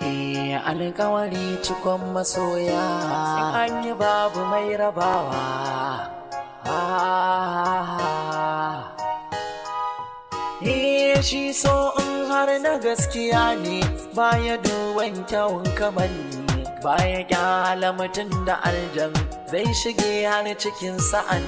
Eh, alƙawari cikon masoya an yi babu mai rabawa ah. eh, shi so in har na gaskiya ne baya duwan kyawun kamanni baya kyala mutum da aljan zai shige har cikin sa'an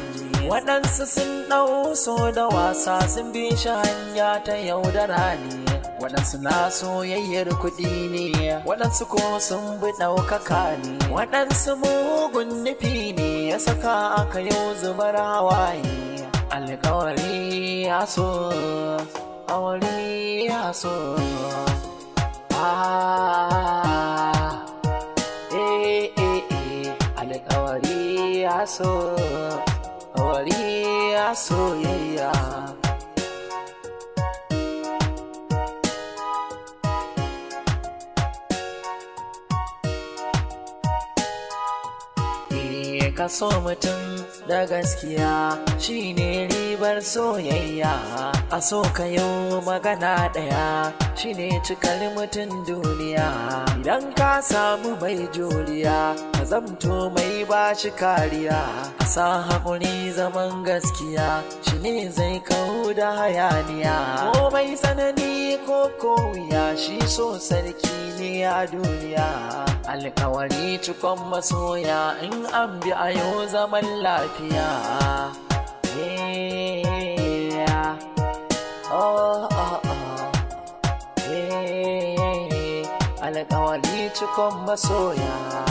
waɗansu sun ɗau so da wasa sun bi shi hanya ta yaudara ne waɗansu na soyayyar kuɗi ne waɗansu ko sun bi ɗaukaka ne waɗansu mugun nufi ne ya saka aka yau zubar hawaye alkawari ya so awari ya so ah, eh, eh, eh, ka so mutum da gaskiya shine ribar soyayya a so ka yi magana ɗaya shi ne cikar mutum duniya idan ka samu mai juriya ka zamto mai ba shi kariya a sa haƙuri zaman gaskiya shi ne zai kawo da hayaniya ko mai tsanani ko kowiya shi so sarki ne a duniya alkawari cikon masoya in an bi a yau zaman lafiya Oh, oh, oh. alƙawari cikon masoya